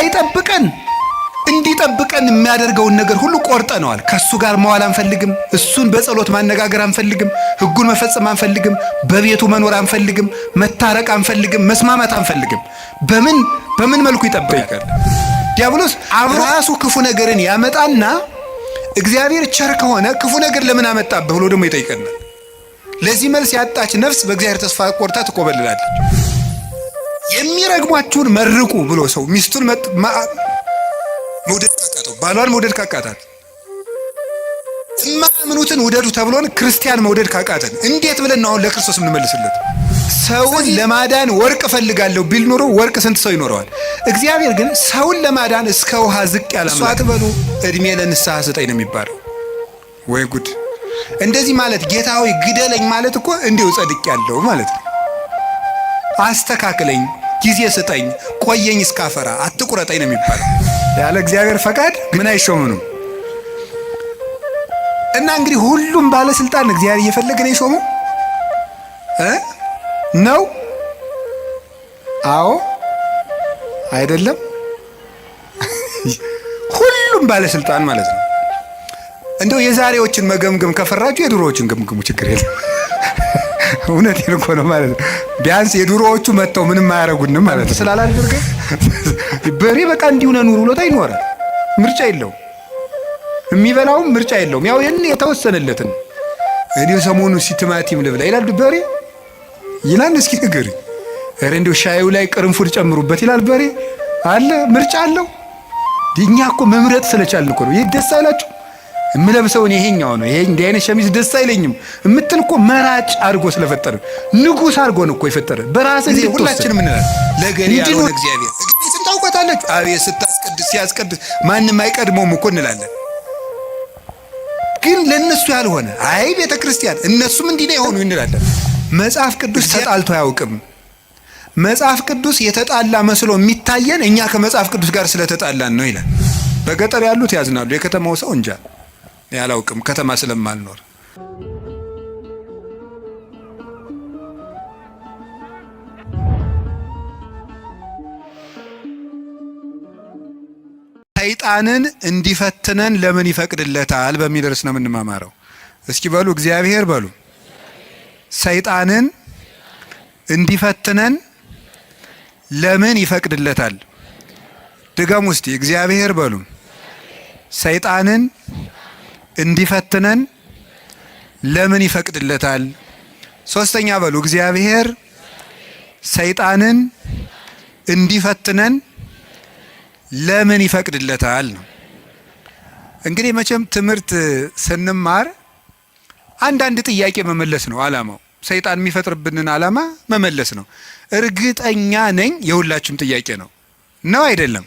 እንዳይጠብቀን እንዲጠብቀን የሚያደርገውን ነገር ሁሉ ቆርጠነዋል። ከእሱ ጋር መዋል አንፈልግም። እሱን በጸሎት ማነጋገር አንፈልግም። ሕጉን መፈጸም አንፈልግም። በቤቱ መኖር አንፈልግም። መታረቅ አንፈልግም። መስማማት አንፈልግም። በምን በምን መልኩ ይጠብቃል? ዲያብሎስ ራሱ ክፉ ነገርን ያመጣና እግዚአብሔር ቸር ከሆነ ክፉ ነገር ለምን አመጣብህ ብሎ ደግሞ ይጠይቀናል። ለዚህ መልስ ያጣች ነፍስ በእግዚአብሔር ተስፋ ቆርታ ትቆበልላለች። የሚረግሟችሁን መርቁ ብሎ ሰው ሚስቱን መውደድ ካቃተው ባሏን መውደድ ካቃታት እማምኑትን ውደዱ ተብሎን ክርስቲያን መውደድ ካቃተን እንዴት ብለን አሁን ለክርስቶስ የምንመልስለት? ሰውን ለማዳን ወርቅ እፈልጋለሁ ቢል ኖሮ ወርቅ ስንት ሰው ይኖረዋል? እግዚአብሔር ግን ሰውን ለማዳን እስከ ውሃ ዝቅ ያለ አምላክ በሉ እድሜ ለንስሐ ስጠኝ ነው የሚባለው። ወይ ጉድ! እንደዚህ ማለት ጌታ ሆይ ግደለኝ ማለት እኮ እንዲሁ ጸድቅ ያለው ማለት ነው። አስተካክለኝ ጊዜ ስጠኝ፣ ቆየኝ እስካፈራ አትቁረጠኝ ነው የሚባለው። ያለ እግዚአብሔር ፈቃድ ምን አይሾምንም። እና እንግዲህ ሁሉም ባለስልጣን እግዚአብሔር እየፈለገ ነው የሾመው ነው። አዎ አይደለም፣ ሁሉም ባለስልጣን ማለት ነው። እንደው የዛሬዎችን መገምገም ከፈራችሁ የድሮዎችን ገምግሙ፣ ችግር የለም። እውነት እኮ ነው ማለት ነው። ቢያንስ የድሮዎቹ መጥተው ምንም አያረጉንም ማለት ነው። ስላላደርገ በሬ በቃ እንዲሁነ ኑር ሎታ ይኖራል። ምርጫ የለውም። የሚበላውም ምርጫ የለውም። ያው ይህን የተወሰነለትን እኔ ሰሞኑ ሲቲማቲም ልብላ ይላል በሬ ይላል። እስኪ ንገሪ ኧረ እንደው ሻዩ ላይ ቅርንፉድ ጨምሩበት ይላል በሬ አለ። ምርጫ አለው። እኛ እኮ መምረጥ ስለቻልን እኮ ነው። ይህ ደስ አይላችሁ? የምለብሰውን ይሄኛው ነው። ይሄ እንዲህ አይነት ሸሚዝ ደስ አይለኝም የምትል እኮ መራጭ አድርጎ ስለፈጠረ ንጉሥ አድርጎን እኮ የፈጠረ በራስ ጊዜ ሁላችንም እንላለን። ለገሌ ያልሆነ እግዚአብሔር እግዚአብሔር ታውቋታለች። አቤት ስታስቀድስ ሲያስቀድስ ማንም አይቀድመውም እኮ እንላለን። ግን ለእነሱ ያልሆነ አይ ቤተ ክርስቲያን እነሱም እንዲህ ነው የሆኑ እንላለን። መጽሐፍ ቅዱስ ተጣልቶ አያውቅም። መጽሐፍ ቅዱስ የተጣላ መስሎ የሚታየን እኛ ከመጽሐፍ ቅዱስ ጋር ስለተጣላን ነው ይላል። በገጠር ያሉት ያዝናሉ፣ የከተማው ሰው እንጃ። ያላውቅም ከተማ ስለማልኖር ሰይጣንን እንዲፈትነን ለምን ይፈቅድለታል በሚል ርዕስ ነው የምንማማረው። እስኪ በሉ እግዚአብሔር በሉ ሰይጣንን እንዲፈትነን ለምን ይፈቅድለታል? ድገም ውስጥ እግዚአብሔር በሉ ሰይጣንን እንዲፈትነን ለምን ይፈቅድለታል? ሶስተኛ በሉ እግዚአብሔር ሰይጣንን እንዲፈትነን ለምን ይፈቅድለታል ነው። እንግዲህ መቼም ትምህርት ስንማር አንዳንድ ጥያቄ መመለስ ነው አላማው። ሰይጣን የሚፈጥርብንን አላማ መመለስ ነው። እርግጠኛ ነኝ የሁላችሁም ጥያቄ ነው። ነው አይደለም?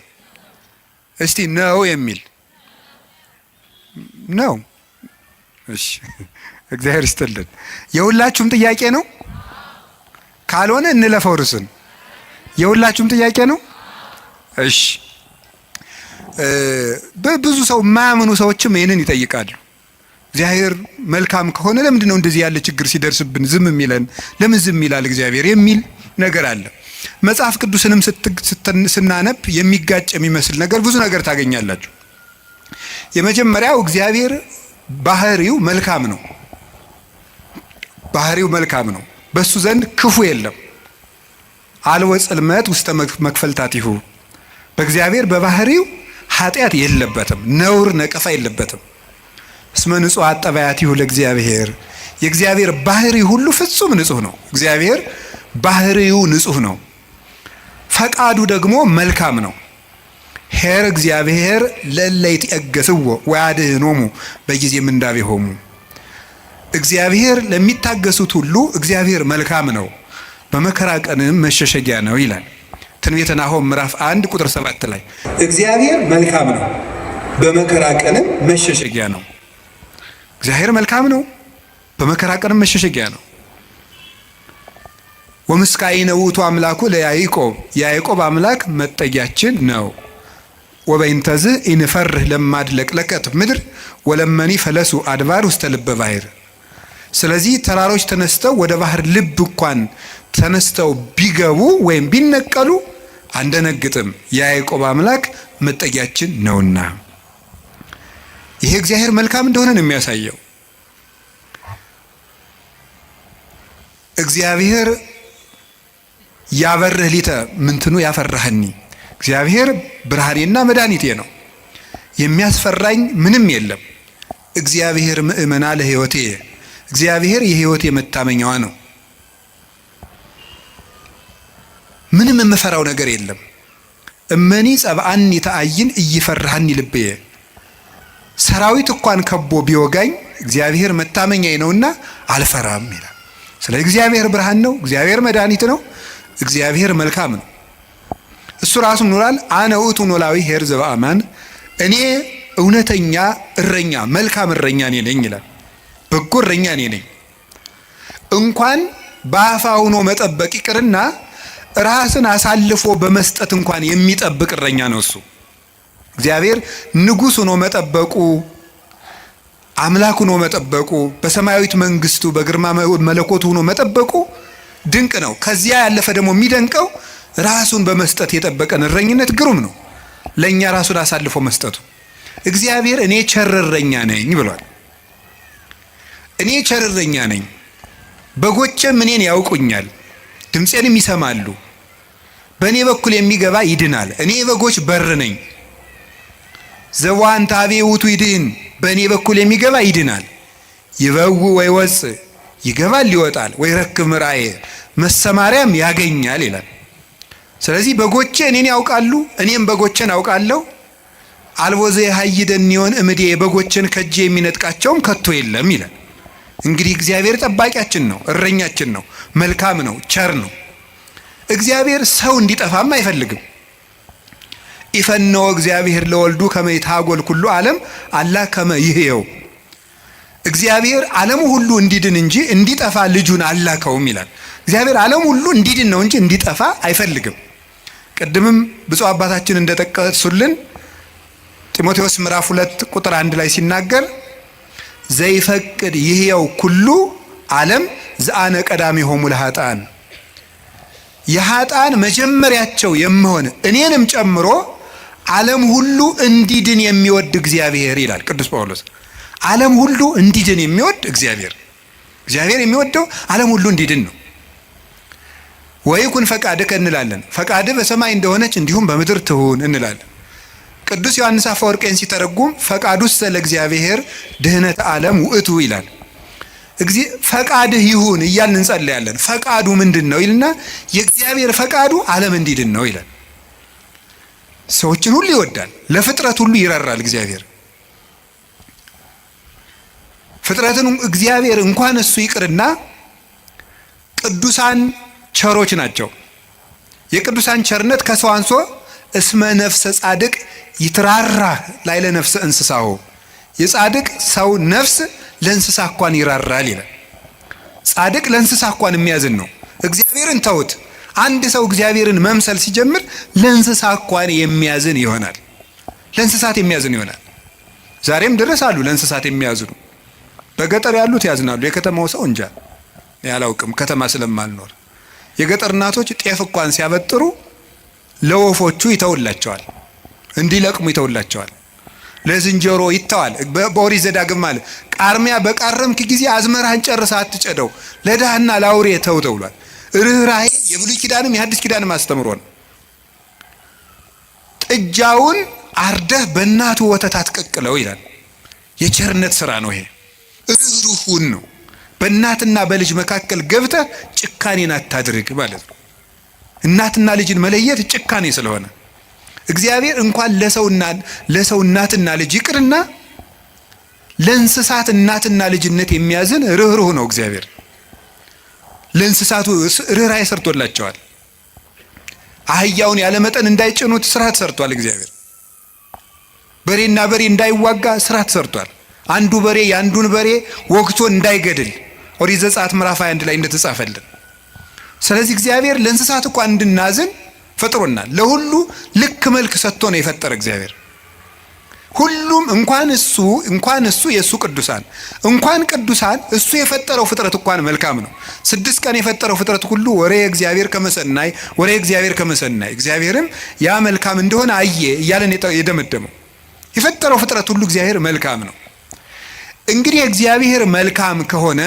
እስቲ ነው የሚል ነው። እሺ እግዚአብሔር ይስጥልን። የሁላችሁም ጥያቄ ነው። ካልሆነ እንለፈው ርዕሱን። የሁላችሁም ጥያቄ ነው። እሺ በብዙ ሰው የማያምኑ ሰዎችም ይህንን ይጠይቃሉ። እግዚአብሔር መልካም ከሆነ ለምንድን ነው እንደዚህ ያለ ችግር ሲደርስብን ዝም የሚለን? ለምን ዝም ይላል እግዚአብሔር የሚል ነገር አለ። መጽሐፍ ቅዱስንም ስናነብ የሚጋጭ የሚመስል ነገር ብዙ ነገር ታገኛላችሁ። የመጀመሪያው እግዚአብሔር ባህሪው መልካም ነው። ባህሪው መልካም ነው። በሱ ዘንድ ክፉ የለም። አልወ ጽልመት ውስተ መክፈልታቲሁ በእግዚአብሔር በባህሪው ኃጢአት የለበትም፣ ነውር ነቀፋ የለበትም። እስመ ንጹሕ አጠባያቲሁ ለእግዚአብሔር የእግዚአብሔር ባህሪ ሁሉ ፍጹም ንጹህ ነው። እግዚአብሔር ባህሪው ንጹህ ነው። ፈቃዱ ደግሞ መልካም ነው። ሄር እግዚአብሔር ለእለ ይትገስዎ ወያድኅኖሙ በጊዜ ምንዳቤሆሙ። እግዚአብሔር ለሚታገሱት ሁሉ እግዚአብሔር መልካም ነው፣ በመከራ ቀንም መሸሸጊያ ነው ይላል ትንቢተ ናሆም ምዕራፍ 1 ቁጥር 7 ላይ እግዚአብሔር መልካም ነው፣ በመከራ ቀንም መሸሸጊያ ነው። እግዚአብሔር መልካም ነው፣ በመከራ ቀንም መሸሸጊያ ነው። ወምስካይ ነው ውእቱ አምላኩ ለያዕቆብ፣ የያዕቆብ አምላክ መጠጊያችን ነው። ወበይንተዝ ኢንፈርህ ለማድ ለቅለቀት ምድር ወለመኒ ፈለሱ አድባር ውስተ ልበ ባህር። ስለዚህ ተራሮች ተነስተው ወደ ባህር ልብ እንኳን ተነስተው ቢገቡ ወይም ቢነቀሉ አንደነግጥም፣ የያዕቆብ አምላክ መጠጊያችን ነውና። ይሄ እግዚአብሔር መልካም እንደሆነ ነው የሚያሳየው። እግዚአብሔር ያበርህ ሊተ ምንትኑ ያፈራህኒ እግዚአብሔር ብርሃኔና መድኃኒቴ ነው፣ የሚያስፈራኝ ምንም የለም። እግዚአብሔር ምእመና ለሕይወቴ፣ እግዚአብሔር የሕይወቴ መታመኛዋ ነው። ምንም የምፈራው ነገር የለም። እመኒ ጸብአኒ ተአይን እይፈርሃኒ ልብየ፣ ሰራዊት እንኳን ከቦ ቢወጋኝ እግዚአብሔር መታመኛዬ ነውና አልፈራም ይላል። ስለ እግዚአብሔር ብርሃን ነው። እግዚአብሔር መድኃኒት ነው። እግዚአብሔር መልካም ነው። እሱ ራሱ ኖራል አነ ውእቱ ኖላዊ ሄር ዘበአማን እኔ እውነተኛ እረኛ መልካም እረኛ እኔ ነኝ ይላል። በጎ እረኛ እኔ ነኝ። እንኳን በአፋ ሆኖ መጠበቅ ይቅርና ራስን አሳልፎ በመስጠት እንኳን የሚጠብቅ እረኛ ነው እሱ። እግዚአብሔር ንጉሥ ሆኖ መጠበቁ አምላክ ሆኖ መጠበቁ በሰማያዊት መንግስቱ በግርማ መለኮቱ ሆኖ መጠበቁ ድንቅ ነው። ከዚያ ያለፈ ደግሞ የሚደንቀው ራሱን በመስጠት የጠበቀን እረኝነት ግሩም ነው። ለእኛ ራሱን አሳልፎ መስጠቱ እግዚአብሔር እኔ ቸር እረኛ ነኝ ብሏል። እኔ ቸር እረኛ ነኝ፣ በጎቼም እኔን ያውቁኛል፣ ድምፄንም ይሰማሉ። በእኔ በኩል የሚገባ ይድናል። እኔ በጎች በር ነኝ። ዘዋን ታቤ ውቱ ይድህን፣ በእኔ በኩል የሚገባ ይድናል። ይበው ወይ ወፅ ይገባል ይወጣል፣ ወይ ረክብ ምርአየ መሰማሪያም ያገኛል ይላል። ስለዚህ በጎቼ እኔን ያውቃሉ፣ እኔም በጎቼን አውቃለሁ። አልቦዘ ይደን ይሆን እምዴ በጎችን ከጅ የሚነጥቃቸውም ከቶ የለም ይላል። እንግዲህ እግዚአብሔር ጠባቂያችን ነው፣ እረኛችን ነው፣ መልካም ነው፣ ቸር ነው። እግዚአብሔር ሰው እንዲጠፋም አይፈልግም። ኢፈነወ እግዚአብሔር ለወልዱ ከመ ይትሐጎል ኩሉ ዓለም አላ ከመ ይህየው። እግዚአብሔር ዓለሙ ሁሉ እንዲድን እንጂ እንዲጠፋ ልጁን አላከውም ይላል። እግዚአብሔር ዓለሙ ሁሉ እንዲድን ነው እንጂ እንዲጠፋ አይፈልግም። ቅድምም ብፁዕ አባታችን እንደጠቀሱልን ጢሞቴዎስ ምዕራፍ ሁለት ቁጥር አንድ ላይ ሲናገር ዘይፈቅድ ይህየው ኩሉ ዓለም ዘአነ ቀዳሚ ሆሙ ለሀጣን የሀጣን መጀመሪያቸው የምሆን እኔንም ጨምሮ ዓለም ሁሉ እንዲድን የሚወድ እግዚአብሔር ይላል ቅዱስ ጳውሎስ። ዓለም ሁሉ እንዲድን የሚወድ እግዚአብሔር እግዚአብሔር የሚወደው ዓለም ሁሉ እንዲድን ነው። ወይኩን ፈቃድከ እንላለን። ፈቃድ በሰማይ እንደሆነች እንዲሁም በምድር ትሁን እንላለን። ቅዱስ ዮሐንስ አፈወርቄን ሲተረጉም ፈቃዱስ ለእግዚአብሔር ድህነት ዓለም ውእቱ ይላል። ፈቃድህ ይሁን እያልን እንጸለያለን። ፈቃዱ ምንድን ነው ይልና የእግዚአብሔር ፈቃዱ ዓለም እንዲድን ነው ይላል። ሰዎችን ሁሉ ይወዳል፣ ለፍጥረት ሁሉ ይራራል። እግዚአብሔር ፍጥረትን እግዚአብሔር እንኳን እሱ ይቅርና ቅዱሳን ቸሮች ናቸው። የቅዱሳን ቸርነት ከሰው አንሶ እስመ ነፍሰ ጻድቅ ይትራራ ላይለ ነፍሰ እንስሳው የጻድቅ ሰው ነፍስ ለእንስሳ እንኳን ይራራል ይላል። ጻድቅ ለእንስሳ እንኳን የሚያዝን ነው። እግዚአብሔርን ተውት። አንድ ሰው እግዚአብሔርን መምሰል ሲጀምር ለእንስሳ እንኳን የሚያዝን ይሆናል። ለእንስሳት የሚያዝን ይሆናል። ዛሬም ድረስ አሉ ለእንስሳት የሚያዝኑ። በገጠር ያሉት ያዝናሉ። የከተማው ሰው እንጃ አላውቅም፣ ከተማ ስለማልኖር የገጠር እናቶች ጤፍ እንኳን ሲያበጥሩ ለወፎቹ ይተውላቸዋል፣ እንዲለቅሙ ይተውላቸዋል፣ ለዝንጀሮ ይተዋል። በኦሪት ዘዳግም ማለት ቃርሚያ በቃረምክ ጊዜ አዝመራህን ጨርሰ አትጨደው፣ ለዳህና ለአውሬ ተው ተብሏል። ርኅራሄ የብሉይ ኪዳንም የሐዲስ ኪዳንም አስተምሮ ነው። ጥጃውን አርደህ በእናቱ ወተት አትቀቅለው ይላል። የቸርነት ስራ ነው ይሄ፣ ርኅሩሁን ነው በእናትና በልጅ መካከል ገብተህ ጭካኔን አታድርግ ማለት ነው። እናትና ልጅን መለየት ጭካኔ ስለሆነ እግዚአብሔር እንኳን ለሰውና ለሰው እናትና ልጅ ይቅርና ለእንስሳት እናትና ልጅነት የሚያዝን ርኅሩህ ነው እግዚአብሔር። ለእንስሳቱ ርኅራኄ ሰርቶላቸዋል። አህያውን ያለመጠን እንዳይጭኑት ስርዓት ሰርቷል እግዚአብሔር። በሬና በሬ እንዳይዋጋ ስራት ሰርቷል። አንዱ በሬ የአንዱን በሬ ወግቶ እንዳይገድል ኦሪት ዘጸአት ምዕራፍ 21 ላይ እንደተጻፈልን። ስለዚህ እግዚአብሔር ለእንስሳት እንኳ እንድናዝን ፈጥሮናል። ለሁሉ ልክ መልክ ሰጥቶ ነው የፈጠረ እግዚአብሔር። ሁሉም እንኳን እሱ እንኳን እሱ የእሱ ቅዱሳን እንኳን ቅዱሳን እሱ የፈጠረው ፍጥረት እንኳን መልካም ነው። ስድስት ቀን የፈጠረው ፍጥረት ሁሉ ወሬ እግዚአብሔር ከመሰናይ ወሬ እግዚአብሔር ከመሰናይ እግዚአብሔርም ያ መልካም እንደሆነ አየ እያለን የደመደመው የፈጠረው ፍጥረት ሁሉ እግዚአብሔር መልካም ነው። እንግዲህ እግዚአብሔር መልካም ከሆነ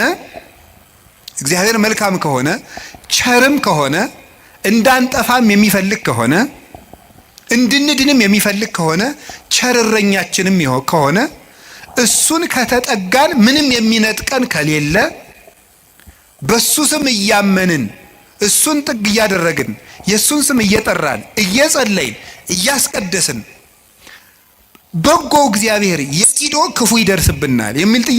እግዚአብሔር መልካም ከሆነ ቸርም ከሆነ እንዳንጠፋም የሚፈልግ ከሆነ እንድንድንም የሚፈልግ ከሆነ ቸርረኛችንም ከሆነ እሱን ከተጠጋን ምንም የሚነጥቀን ከሌለ በሱ ስም እያመንን እሱን ጥግ እያደረግን የእሱን ስም እየጠራን እየጸለይን እያስቀደስን በጎው እግዚአብሔር ሲዶ ክፉ ይደርስብናል የሚል